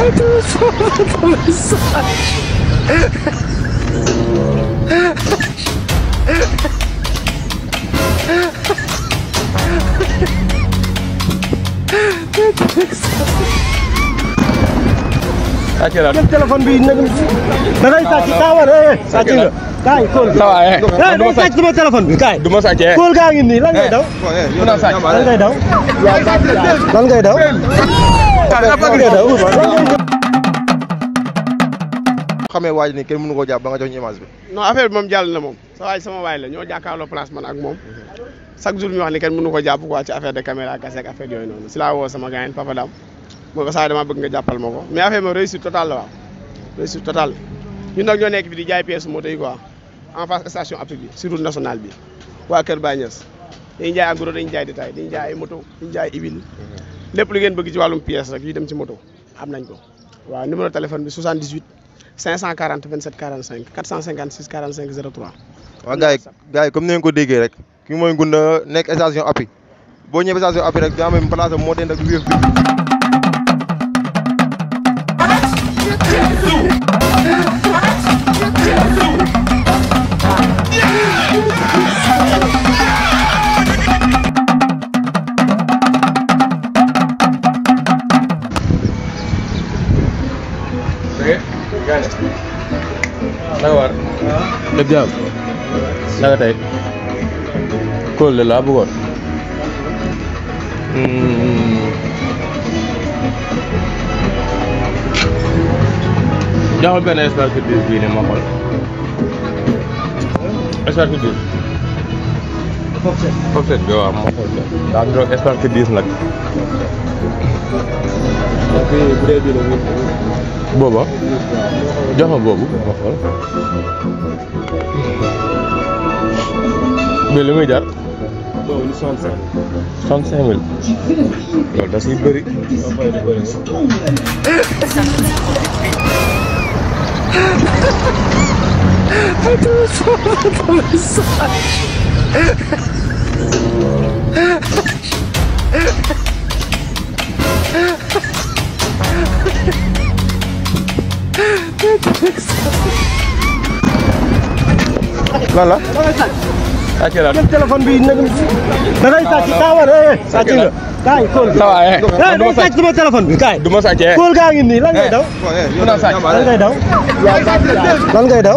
I do it from the other side. telepon bini Dari tadi tawar eh tadi lo. Kai, kul. Tawa eh. Nah, dua saja cuma telepon. Kai. Dua saja. Kul kang ini, langgai dong. Dua saja. Langgai dong. xamee waaj ni kenn mënu koo jàpp ba nga jox ñu image bi non affaire bi moom jàll na moom sa waaj sama waay la ñoo jàkkaarloo place man ak moom chaque jour ñu wax ni kenn mënu ko jàpp quoi ci affaire de caméra kase ak affaire yooyu noonu si laa woo sama gars papa dam moo ko dama bëgg nga jàppal ma ko mais affaire moom réussite total la waaw réussite totale ñun nag ñoo nekk fi di jaay pièce moto yi quoi en face station appui bi sur national bi waa Kër Bagnès dañuy jaay en gros dañuy jaay détail dañuy jaay ay jaay huile lepp lu ngeen bëgg ci walum pièce rek yu dem ci moto am nañ ko wa numéro téléphone bi 78 540 27 45 456 45 03. waaw gars yi comme ni ngeen ko déggee rek ki station Yeah! lépp jàmm naka tey kóol laa bëggoon joxal benn espace culture bii ne ma xool espace culture. foofu set foofu set bi waaw ma xool set. daa nag. Oke, jangan bobo, la Beli joxal boobu ma jar loolu 65 65 mille loolu da siy lan la. sàcc la jël téléphone bi nag. da ngay sàcc taawar eh. sàcc nga kaay Kool. waaw ngi nii lan ngay eh. daw. Eh, eh. lan ngay daw.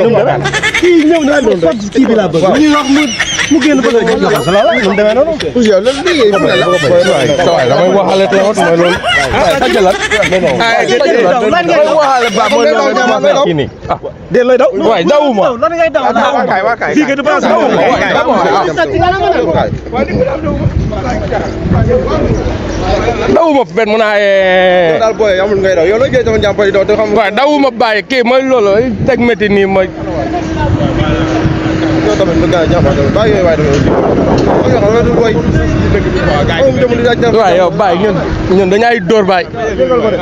kii ñëw naa doon rek kii bi laa bëgg. ñu wax mu mu génn bëgg a jël loxo sa loola mu demee noonu. yow loolu liggéey bi la la wax. waaye damay waxaale teewoon mooy loolu. waaye xajalat. waaye déedéet daw lan ngay daw waxaale ba mooy loolu rek ma fekk nii. ah déedéet lay daw. waay dawuma lan ngay daw daw waay waay kay kii nga dépassé dawuma waay dawuma waay. dawuma fen mu naa eh, eh, eh. yee. daal booy amul ngay daw yow la jëlee sama jàmpa yi doo te xam. nii mooy. loolu tamit mën ngaa jàppante ne bàyyi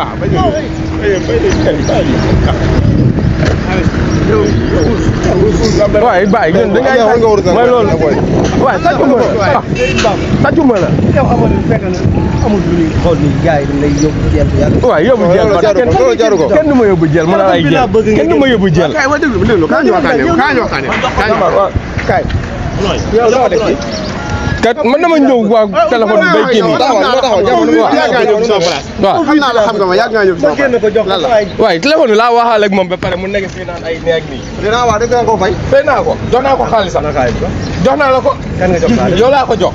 waaye bàyyi ñun da ngay sàcc mooy loolu waaye sàccu ma la ah sàccu ma la. amul lu ñuy xool nii gars yi dañ lay yóbbu jël waaw yóbbu jël man kenn du ma yóbbu jël mën a lay jël kenn du ma yóbbu jël. kaay ma déglu déglu kaay ñu waxtaanee kaay ñu waxtaanee kaay. kat mën na ma ñëw waa téléphone bay kii nii. waaw xam naa la xam nga ma yàgg naa ñëw waaye téléphone bi laa waxaale ak moom ba pare mu nekk fii naan ay neeg nii. dinaa wax dëgg ko fay. fay naa ko jox naa ko xaalisam. jox naa la ko. kan nga jox yow laa ko jox.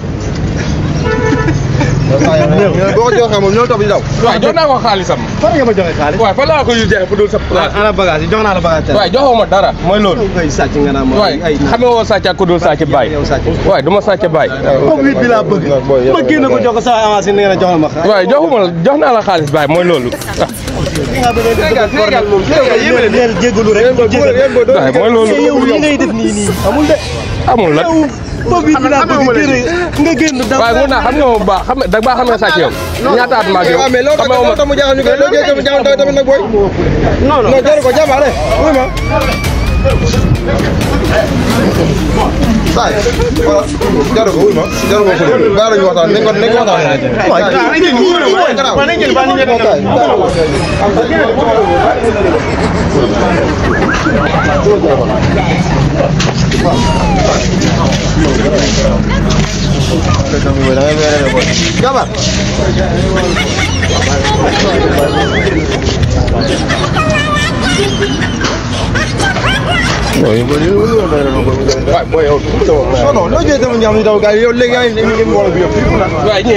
boo ko joxee moom ñoo topp di daw. waaw jox naa ko xaalisam. fan nga ma joxe xaalis. waaw fan laa ko yu jeexee pour dul sa place. ana bagage yi jox naa la bagage tey. waaw joxoo ma dara mooy loolu. ay sàcc nga naa ma ay xamee woo sàcc ak ku dul sàcc baay. waaw du ma sàcc baay. moom bi laa bëgg ma génn ko jox ko sama avance yi ni ngeen a joxal ma xaalis. waaw joxuma la jox naa la xaalis baay mooy loolu. waaw mooy loolu. amul la. boobu it laa bëgg gën a nga génn daw. waaye mun naa xam nga moom baax xam nga baax xam nga sàcc yow. ñaata at ma ak yow xam nga moom mu jaaxal ñu koy loolu tamit jaaxal tamit ko jàmbaare wuy 干嘛？mooy yow mooy yow loolu la ma mooy yow. non non loolu jërëjëf ñaar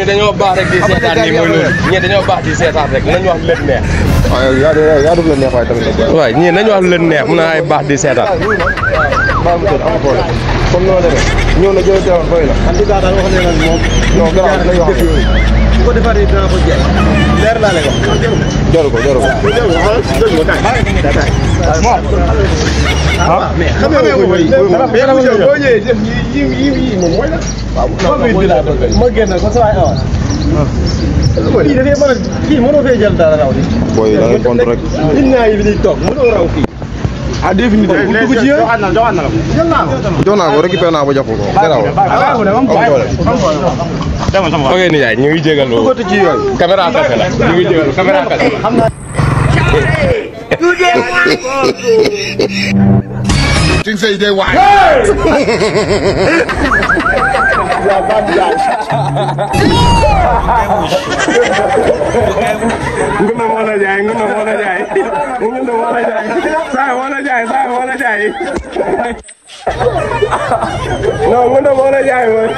dañoo baax rek di seetaan nii mooy loolu ñii dañoo baax di seetaan rek nañu wax lu leen neex. waaw yow yaa yaa yaa dugg la neex waaye tamit. waaw ñii nañu wax lu leen neex mun naa ay baax di seetaan. comme noonu la demee ñëw na jël téléphone booy la. man di daal wax ne nag moom. non garaaw lay wax bu ko defaree dinaa ko jeex. leer laa lay wax. jaru ko jaru ko. jaru ko jaru ko ah mais xam nga ko mooy. boo ñëwee def yi yi yi moom mooy la. waaw ma génn ko sa waay awa. Ah. Ah. kii dafay mën a kii mënoo fee jël dara raw. booy da ngay compte rek. nit ñaa ngi nii toog mënoo raw kii. ah définitivement bu dugg ci joxaat na joxaat na la ko. jox naa ko récupéré naa ko jox ko. ko ok nijaay ñu ngi jégal loolu. duggati ci yooyu. caméra kase la ñu ngi jégal caméra kase. Ting say day waay. Ngena wala jaay ngena wala jaay ngena wala jaay jaay non mu ne moo la jaay woon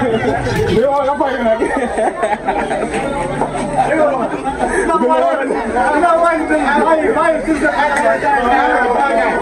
yow nga fay nag yow